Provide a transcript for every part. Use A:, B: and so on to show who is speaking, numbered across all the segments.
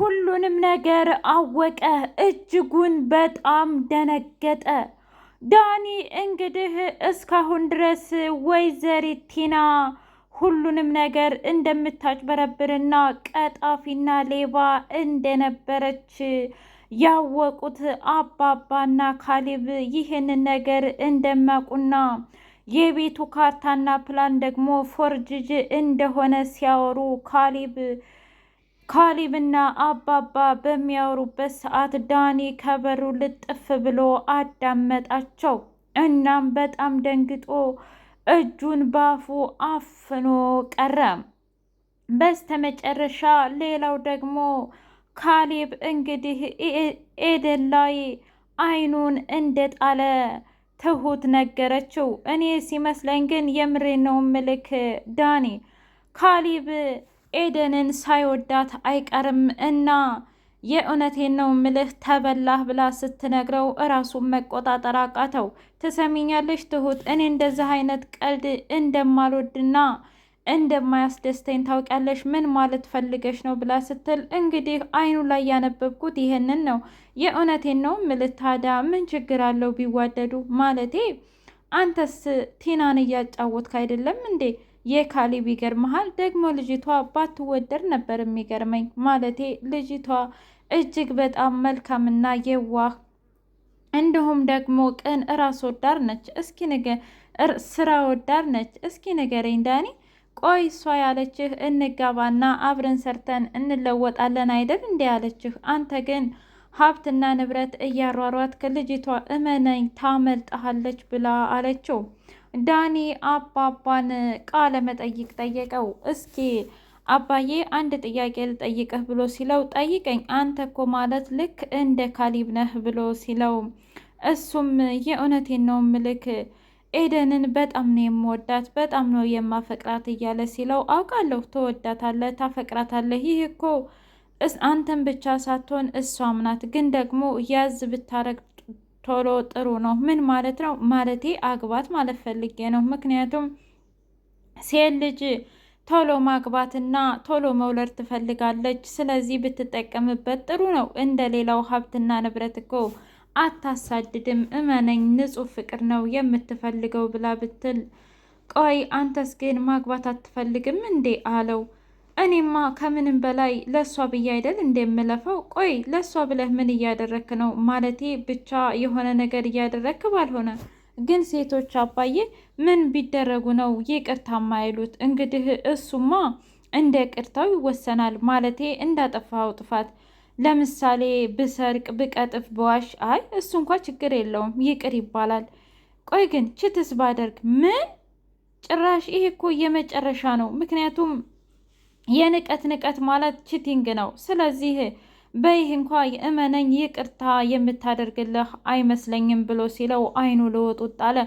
A: ሁሉንም ነገር አወቀ። እጅጉን በጣም ደነገጠ። ዳኒ እንግዲህ እስካሁን ድረስ ወይዘሪት ቲና ሁሉንም ነገር እንደምታጭበረብርና ቀጣፊና ሌባ እንደነበረች ያወቁት አባባና ካሌብ ይህንን ነገር እንደማያውቁና የቤቱ ካርታና ፕላን ደግሞ ፎርጅጅ እንደሆነ ሲያወሩ ካሌብ ካሌብና አባባ በሚያወሩበት ሰዓት ዳኒ ከበሩ ልጥፍ ብሎ አዳመጣቸው። እናም በጣም ደንግጦ እጁን ባፉ አፍኖ ቀረ። በስተመጨረሻ ሌላው ደግሞ ካሊብ እንግዲህ ኤደን ላይ አይኑን እንደጣለ ትሁት ነገረችው። እኔ ሲመስለኝ ግን የምሬ ነው ምልክ ዳኒ ካሊብ ኤደንን ሳይወዳት አይቀርም እና የእውነቴን ነው ምልህ ተበላህ ብላ ስትነግረው እራሱን መቆጣጠር አቃተው። ትሰሚኛለሽ ትሁት፣ እኔ እንደዚህ አይነት ቀልድ እንደማልወድና እንደማያስደስተኝ ታውቂያለሽ። ምን ማለት ፈልገሽ ነው ብላ ስትል እንግዲህ አይኑ ላይ ያነበብኩት ይህንን ነው። የእውነቴን ነው ምልህ። ታዲያ ምን ችግር አለው ቢዋደዱ? ማለቴ አንተስ ቲናን እያጫወትክ አይደለም እንዴ? የካሊብ ይገርመሃል። ደግሞ ልጅቷ ባትወደድ ነበር የሚገርመኝ። ማለቴ ልጅቷ እጅግ በጣም መልካምና የዋህ እንዲሁም ደግሞ ቅን እራስ ወዳድ ነች። እስኪ ስራ ወዳድ ነች። እስኪ ንገረኝ ዳኒ፣ ቆይ እሷ ያለችህ እንጋባና አብረን ሰርተን እንለወጣለን አይደል እንዲ ያለችህ፣ አንተ ግን ሀብትና ንብረት እያሯሯት ከልጅቷ እመነኝ ታመልጠሃለች ብላ አለችው። ዳኒ አባባን ቃለ መጠይቅ ጠየቀው። እስኪ አባዬ አንድ ጥያቄ ልጠይቅህ ብሎ ሲለው ጠይቀኝ፣ አንተ እኮ ማለት ልክ እንደ ካሊብ ነህ ብሎ ሲለው እሱም የእውነቴን ነው ምልክ ኤደንን በጣም ነው የምወዳት በጣም ነው የማፈቅራት እያለ ሲለው አውቃለሁ፣ ትወዳታለህ፣ ታፈቅራታለህ። ይህ እኮ አንተን ብቻ ሳትሆን እሷም ናት። ግን ደግሞ ያዝ ብታረግ ቶሎ ጥሩ ነው። ምን ማለት ነው? ማለቴ አግባት ማለት ፈልጌ ነው። ምክንያቱም ሴት ልጅ ቶሎ ማግባትና ቶሎ መውለድ ትፈልጋለች። ስለዚህ ብትጠቀምበት ጥሩ ነው። እንደ ሌላው ሀብትና ንብረት እኮ አታሳድድም። እመነኝ፣ ንጹህ ፍቅር ነው የምትፈልገው ብላ ብትል፣ ቆይ አንተስ ግን ማግባት አትፈልግም እንዴ አለው። እኔማ ከምንም በላይ ለእሷ ብዬ አይደል እንደምለፈው። ቆይ ለእሷ ብለህ ምን እያደረክ ነው? ማለቴ ብቻ የሆነ ነገር እያደረክ ባልሆነ ግን ሴቶች አባዬ ምን ቢደረጉ ነው ይቅርታ ማይሉት? እንግዲህ እሱማ እንደ ቅርታው ይወሰናል። ማለቴ እንዳጠፋው ጥፋት ለምሳሌ ብሰርቅ፣ ብቀጥፍ፣ በዋሽ አይ እሱ እንኳ ችግር የለውም ይቅር ይባላል። ቆይ ግን ችትስ ባደርግ ምን? ጭራሽ ይሄ እኮ የመጨረሻ ነው። ምክንያቱም የንቀት ንቀት ማለት ቺቲንግ ነው። ስለዚህ በይህ እንኳ የእመነኝ ይቅርታ የምታደርግልህ አይመስለኝም ብሎ ሲለው አይኑ ልወጡ ጣለ።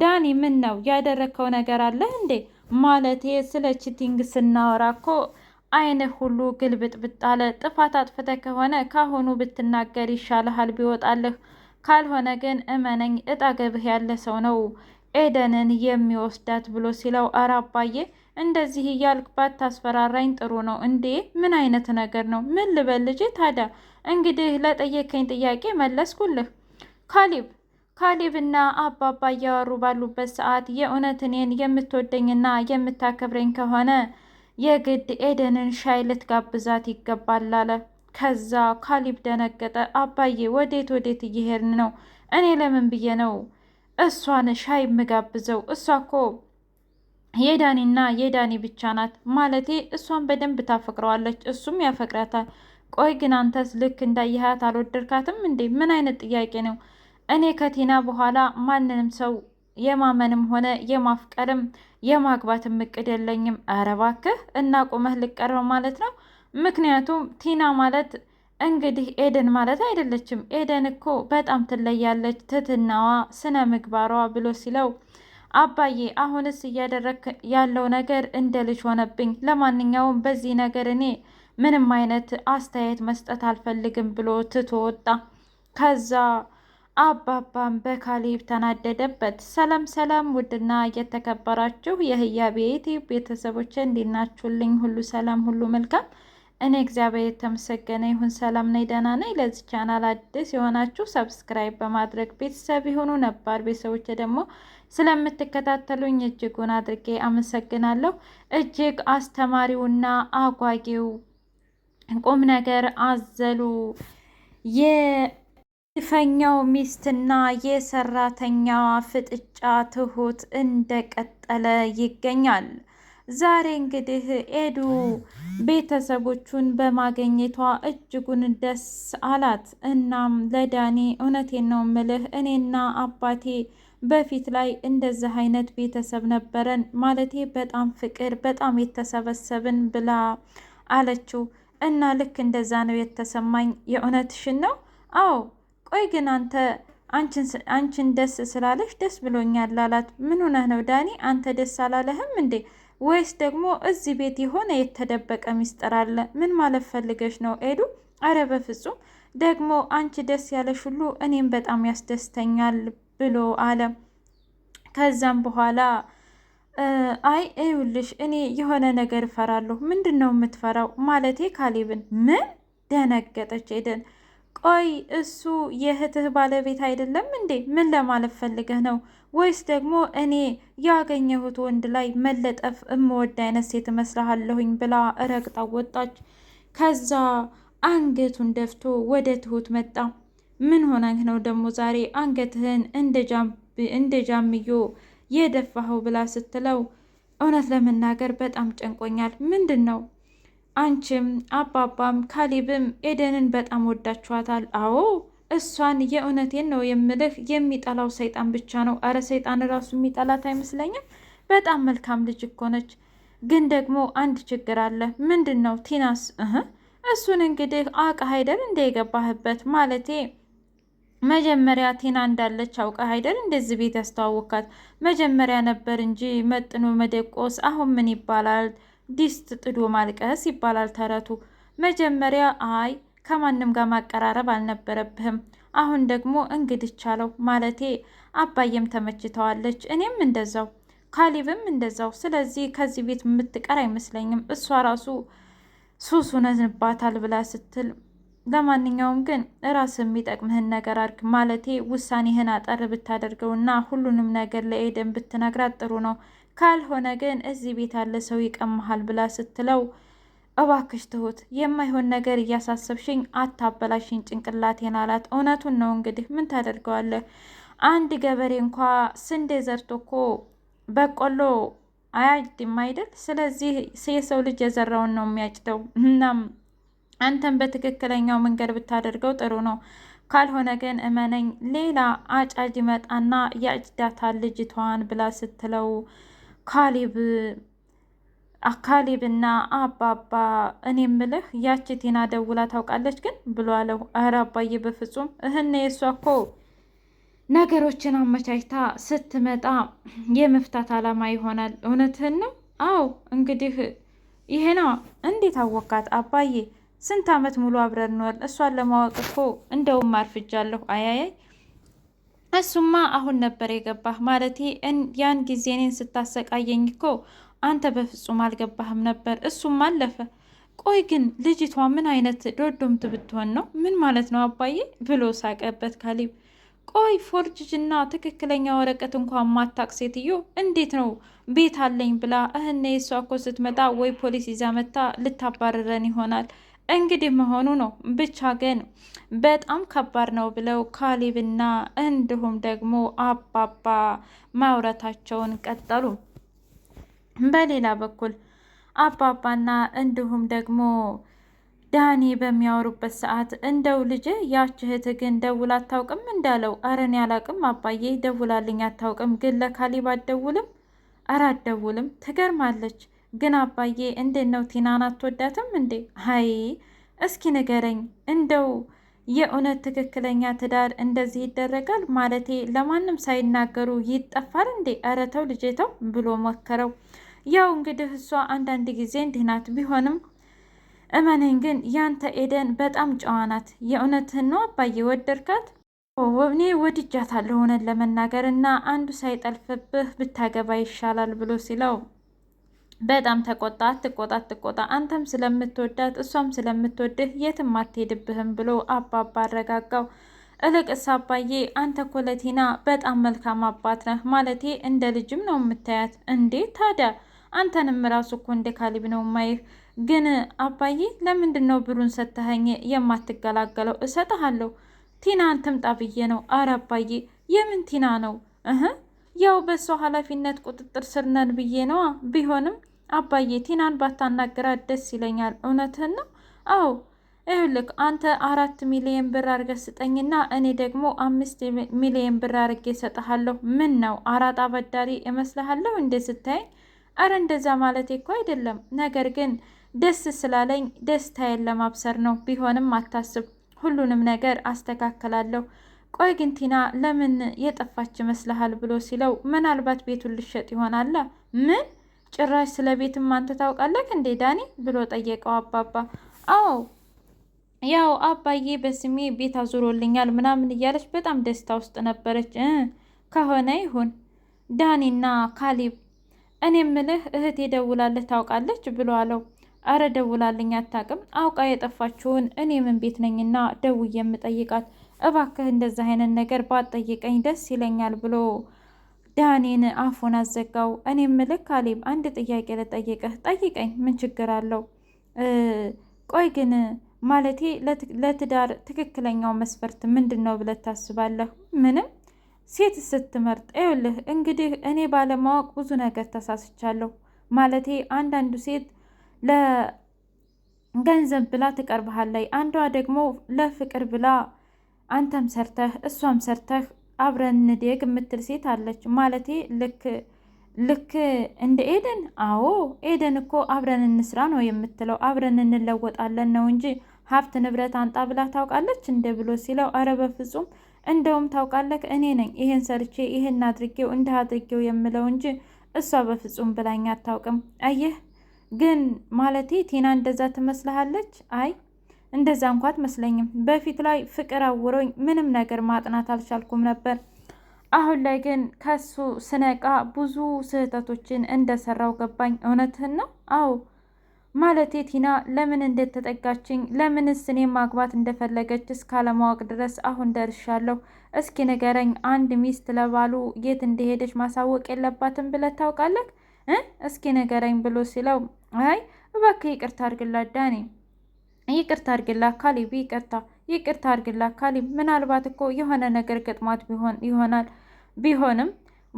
A: ዳኒ ምን ነው ያደረግከው ነገር አለ እንዴ? ማለቴ ስለ ቺቲንግ ስናወራ እኮ አይንህ ሁሉ ግልብጥብጥ አለ። ጥፋት አጥፍተህ ከሆነ ካሁኑ ብትናገር ይሻልሃል ቢወጣልህ። ካልሆነ ግን እመነኝ እጣገብህ ያለ ሰው ነው ኤደንን የሚወስዳት ብሎ ሲለው አረ አባዬ እንደዚህ እያልክባት ታስፈራራኝ ጥሩ ነው እንዴ? ምን አይነት ነገር ነው? ምን ልበል ልጄ? ታዲያ እንግዲህ ለጠየከኝ ጥያቄ መለስኩልህ። ካሊብ ካሌብና አባባ እያወሩ ባሉበት ሰዓት የእውነት እኔን የምትወደኝና የምታከብረኝ ከሆነ የግድ ኤደንን ሻይ ልትጋብዛት ይገባል አለ። ከዛ ካሊብ ደነገጠ። አባዬ ወዴት ወዴት እየሄድን ነው? እኔ ለምን ብዬ ነው እሷን ሻይ የምጋብዘው? እሷ እኮ የዳኒና የዳኒ ብቻ ናት ማለቴ እሷን በደንብ ታፈቅረዋለች፣ እሱም ያፈቅራታል። ቆይ ግን አንተስ ልክ እንዳየሃት አልወደድካትም እንዴ? ምን አይነት ጥያቄ ነው? እኔ ከቲና በኋላ ማንንም ሰው የማመንም ሆነ የማፍቀርም የማግባትም እቅድ የለኝም። ኧረ እባክህ እና ቁመህ ልቀርብ ማለት ነው። ምክንያቱም ቲና ማለት እንግዲህ ኤደን ማለት አይደለችም። ኤደን እኮ በጣም ትለያለች፣ ትትናዋ፣ ስነ ምግባሯ ብሎ ሲለው አባዬ አሁንስ እያደረግ ያለው ነገር እንደ ልጅ ሆነብኝ። ለማንኛውም በዚህ ነገር እኔ ምንም አይነት አስተያየት መስጠት አልፈልግም ብሎ ትቶ ወጣ። ከዛ አባባም በካሌብ ተናደደበት። ሰላም ሰላም! ውድና እየተከበራችሁ የህያ ቤቴ ቤተሰቦች እንዲናችሁልኝ ሁሉ ሰላም፣ ሁሉ መልካም እኔ እግዚአብሔር የተመሰገነ ይሁን ሰላም ነኝ፣ ደህና ነኝ። ለዚህ ቻናል አዲስ የሆናችሁ ሰብስክራይብ በማድረግ ቤተሰብ የሆኑ ነባር ቤተሰቦች ደግሞ ስለምትከታተሉኝ እጅጉን አድርጌ አመሰግናለሁ። እጅግ አስተማሪውና አጓጊው ቁም ነገር አዘሉ የግፈኛው ሚስትና የሰራተኛዋ ፍጥጫ ትሁት እንደቀጠለ ይገኛል። ዛሬ እንግዲህ ኤዱ ቤተሰቦቹን በማገኘቷ እጅጉን ደስ አላት። እናም ለዳኒ እውነቴን ነው ምልህ እኔና አባቴ በፊት ላይ እንደዚህ አይነት ቤተሰብ ነበረን፣ ማለቴ በጣም ፍቅር በጣም የተሰበሰብን ብላ አለችው። እና ልክ እንደዛ ነው የተሰማኝ። የእውነትሽን ነው? አዎ። ቆይ ግን አንተ አንቺን ደስ ስላለሽ ደስ ብሎኛል አላት። ምን ሆነህ ነው ዳኒ? አንተ ደስ አላለህም እንዴ? ወይስ ደግሞ እዚህ ቤት የሆነ የተደበቀ ሚስጥር አለ? ምን ማለት ፈልገሽ ነው ኤዱ? አረ በፍጹም ደግሞ አንቺ ደስ ያለሽ ሁሉ እኔም በጣም ያስደስተኛል ብሎ አለ። ከዛም በኋላ አይ ይኸውልሽ፣ እኔ የሆነ ነገር እፈራለሁ። ምንድን ነው የምትፈራው? ማለቴ ካሌብን። ምን? ደነገጠች ኤደን። ቆይ እሱ የእህትህ ባለቤት አይደለም እንዴ? ምን ለማለት ፈልገህ ነው? ወይስ ደግሞ እኔ ያገኘሁት ወንድ ላይ መለጠፍ እምወድ አይነት ሴት እመስልሃለሁኝ ብላ ረግጣ ወጣች። ከዛ አንገቱን ደፍቶ ወደ ትሁት መጣ። ምን ሆነህ ነው ደግሞ ዛሬ አንገትህን እንደ ጃምዮ የደፋኸው? ብላ ስትለው እውነት ለመናገር በጣም ጨንቆኛል። ምንድን ነው አንቺም አባባም ካሊብም ኤደንን በጣም ወዳችኋታል? አዎ እሷን የእውነቴን ነው የምልህ የሚጠላው ሰይጣን ብቻ ነው። አረ ሰይጣን ራሱ የሚጠላት አይመስለኝም። በጣም መልካም ልጅ እኮ ነች። ግን ደግሞ አንድ ችግር አለ። ምንድን ነው ቲናስ? እሱን እንግዲህ አውቀህ አይደል እንደ የገባህበት ማለቴ መጀመሪያ ቴና እንዳለች አውቀህ አይደል እንደዚህ ቤት ያስተዋወካት? መጀመሪያ ነበር እንጂ መጥኖ መደቆስ። አሁን ምን ይባላል? ዲስት ጥዶ ማልቀስ ይባላል ተረቱ። መጀመሪያ አይ ከማንም ጋር ማቀራረብ አልነበረብህም። አሁን ደግሞ እንግዲህ ቻለው ማለቴ አባዬም ተመችተዋለች፣ እኔም እንደዛው፣ ካሊብም እንደዛው። ስለዚህ ከዚህ ቤት የምትቀር አይመስለኝም። እሷ ራሱ ሱሱ ነንባታል ብላ ስትል ለማንኛውም ግን ራስ የሚጠቅምህን ነገር አርግ ማለቴ ውሳኔህን አጠር ብታደርገው እና ሁሉንም ነገር ለኤደን ብትነግራት ጥሩ ነው። ካልሆነ ግን እዚህ ቤት ያለ ሰው ይቀመሃል ብላ ስትለው እባክሽ ትሁት የማይሆን ነገር እያሳሰብሽኝ አታበላሽኝ ጭንቅላቴን አላት። እውነቱን ነው እንግዲህ ምን ታደርገዋለህ? አንድ ገበሬ እንኳ ስንዴ ዘርቶ እኮ በቆሎ አያጭድም አይደል? ስለዚህ የሰው ልጅ የዘራውን ነው የሚያጭደው። እናም አንተን በትክክለኛው መንገድ ብታደርገው ጥሩ ነው። ካልሆነ ግን እመነኝ ሌላ አጫጅ መጣና ያጭዳታ ልጅቷን ብላ ስትለው ካሊብ አካሌብና አባባ እኔ ምልህ ያቺ ቲና ደውላ ታውቃለች ግን ብሎ አለው። አባዬ በፍጹም እህነ የእሷ እኮ ነገሮችን አመቻችታ ስትመጣ የመፍታት አላማ ይሆናል። እውነትህን ነው። አዎ እንግዲህ ይሄና እንዴት አወቃት አባዬ? ስንት ዓመት ሙሉ አብረን ኖር። እሷን ለማወቅ እኮ እንደውም አርፍጃለሁ። አያያይ እሱማ አሁን ነበር የገባህ ማለቴ ያን ጊዜ እኔን ስታሰቃየኝ እኮ አንተ በፍጹም አልገባህም ነበር፣ እሱም አለፈ። ቆይ ግን ልጅቷ ምን አይነት ዶዶምት ብትሆን ነው? ምን ማለት ነው አባዬ? ብሎ ሳቀበት ካሊብ ቆይ ፎርጅጅና ትክክለኛ ወረቀት እንኳን ማታቅ ሴትዮ እንዴት ነው ቤት አለኝ ብላ እህነ የሷ እኮ ስትመጣ ወይ ፖሊስ ይዛ መታ ልታባረረን ይሆናል እንግዲህ መሆኑ ነው። ብቻ ግን በጣም ከባድ ነው ብለው ካሊብና እንዲሁም ደግሞ አባባ ማውረታቸውን ቀጠሉ። በሌላ በኩል አባባና እንዲሁም ደግሞ ዳኒ በሚያወሩበት ሰዓት እንደው ልጅ ያች እህት ግን ደውላ አታውቅም እንዳለው፣ ኧረ እኔ አላውቅም አባዬ፣ ደውላልኝ አታውቅም። ግን ለካሊብ አትደውልም? ኧረ አትደውልም። ትገርማለች። ግን አባዬ እንዴት ነው ቲናን አትወዳትም እንዴ? አይ እስኪ ንገረኝ እንደው የእውነት ትክክለኛ ትዳር እንደዚህ ይደረጋል? ማለቴ ለማንም ሳይናገሩ ይጠፋል እንዴ? ኧረ ተው ልጄ ተው ብሎ መከረው። ያው እንግዲህ እሷ አንዳንድ ጊዜ እንዲህ ናት። ቢሆንም እመነኝ ግን ያንተ ኤደን በጣም ጨዋ ናት። የእውነትህን ነው አባዬ ወደድካት? እኔ ወድጃታለሁ እውነት ለመናገር እና አንዱ ሳይጠልፍብህ ብታገባ ይሻላል ብሎ ሲለው በጣም ተቆጣ። አትቆጣ አትቆጣ፣ አንተም ስለምትወዳት እሷም ስለምትወድህ የትም አትሄድብህም ብሎ አባባ አረጋጋው። እልቅስ አባዬ አንተ ኮለቲና በጣም መልካም አባት ነህ፣ ማለቴ እንደ ልጅም ነው የምታያት። እንዴ ታዲያ አንተንም ራሱ እኮ እንደ ካሊብ ነው ማይህ። ግን አባዬ ለምንድን ነው ብሩን ሰተኸኝ የማትገላገለው? እሰጥሃለሁ ቲናን ትምጣ ብዬ ነው። አረ አባዬ የምን ቲና ነው እህ ያው በእሷ ኃላፊነት ቁጥጥር ስር ነን ብዬ ነዋ። ቢሆንም አባዬ ቲናን ባታናግራት ደስ ይለኛል። እውነትህን ነው። አዎ ይኸውልህ አንተ አራት ሚሊዮን ብር አድርገህ ስጠኝና እኔ ደግሞ አምስት ሚሊዮን ብር አድርጌ እሰጥሃለሁ። ምን ነው አራጣ አበዳሪ እመስልሃለሁ እንደ ስታይ አረ እንደዛ ማለቴ እኮ አይደለም፣ ነገር ግን ደስ ስላለኝ ደስታዬን ለማብሰር ነው። ቢሆንም አታስብ፣ ሁሉንም ነገር አስተካከላለሁ። ቆይ ግን ቲና ለምን የጠፋች ይመስልሃል? ብሎ ሲለው ምናልባት ቤቱን ልሸጥ ይሆናላ። ምን ጭራሽ ስለ ቤትም አንተ ታውቃለህ እንዴ ዳኒ? ብሎ ጠየቀው አባባ። አዎ ያው አባዬ በስሜ ቤት አዙሮልኛል ምናምን እያለች በጣም ደስታ ውስጥ ነበረች። ከሆነ ይሁን ዳኒና ካሊብ እኔ ምልህ እህቴ ደውላልህ ታውቃለች ብሎ አለው። አረ ደውላልኝ አታውቅም። አውቃ የጠፋችውን እኔ ምን ቤት ነኝና ደውዬ የምጠይቃት። እባክህ እንደዚህ አይነት ነገር ባጠይቀኝ ደስ ይለኛል ብሎ ዳኔን አፉን አዘጋው። እኔ ምልህ ካሌብ፣ አንድ ጥያቄ ልጠይቅህ። ጠይቀኝ፣ ምን ችግር አለው? ቆይ ግን ማለቴ ለትዳር ትክክለኛው መስፈርት ምንድን ነው ብለህ ታስባለህ? ምንም ሴት ስትመርጥ ይኸውልህ እንግዲህ እኔ ባለማወቅ ብዙ ነገር ተሳስቻለሁ። ማለቴ አንዳንዱ ሴት ለገንዘብ ብላ ትቀርብሃለች፣ አንዷ ደግሞ ለፍቅር ብላ አንተም ሰርተህ እሷም ሰርተህ አብረን እንደግ የምትል ሴት አለች። ማለቴ ልክ ልክ እንደ ኤደን። አዎ ኤደን እኮ አብረን እንስራ ነው የምትለው፣ አብረን እንለወጣለን ነው እንጂ ሀብት ንብረት አንጣ ብላ ታውቃለች እንደ ብሎ ሲለው፣ አረ በፍጹም እንደውም ታውቃለህ፣ እኔ ነኝ ይሄን ሰርቼ ይህን አድርጌው እንዲህ አድርጌው የምለው እንጂ እሷ በፍጹም ብላኝ አታውቅም። አየህ ግን ማለቴ ቲና እንደዛ ትመስልሃለች? አይ እንደዛ እንኳ አትመስለኝም። በፊት ላይ ፍቅር አውሮኝ ምንም ነገር ማጥናት አልቻልኩም ነበር። አሁን ላይ ግን ከሱ ስነቃ ብዙ ስህተቶችን እንደሰራው ገባኝ። እውነትህን ነው። አዎ ማለቴ ቲና ለምን እንደተጠጋችኝ ለምንስ ስኔ ማግባት እንደፈለገች እስካለማወቅ ድረስ አሁን ደርሻለሁ። እስኪ ንገረኝ፣ አንድ ሚስት ለባሉ የት እንደሄደች ማሳወቅ የለባትም ብለህ ታውቃለህ? እስኪ ንገረኝ ብሎ ሲለው አይ እባክህ ይቅርታ አድርግላት ዳኔ፣ ይቅርታ አድርግላት ካሌብ፣ ይቅርታ ይቅርታ አድርግላት ካሌብ። ምናልባት እኮ የሆነ ነገር ገጥሟት ቢሆን ይሆናል ቢሆንም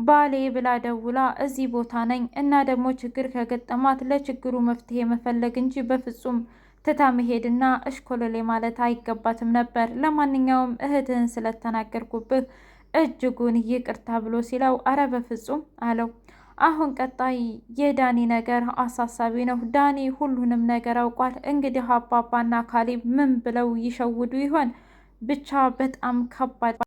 A: ባሌ ብላ ደውላ እዚህ ቦታ ነኝ እና ደግሞ ችግር ከገጠማት ለችግሩ መፍትሄ መፈለግ እንጂ በፍጹም ትታ መሄድና እሽኮለሌ ማለት አይገባትም ነበር። ለማንኛውም እህትህን ስለተናገርኩብህ እጅጉን ይቅርታ ብሎ ሲለው አረ በፍጹም አለው። አሁን ቀጣይ የዳኒ ነገር አሳሳቢ ነው። ዳኒ ሁሉንም ነገር አውቋል። እንግዲህ አባባና ካሌብ ምን ብለው ይሸውዱ ይሆን? ብቻ በጣም ከባድ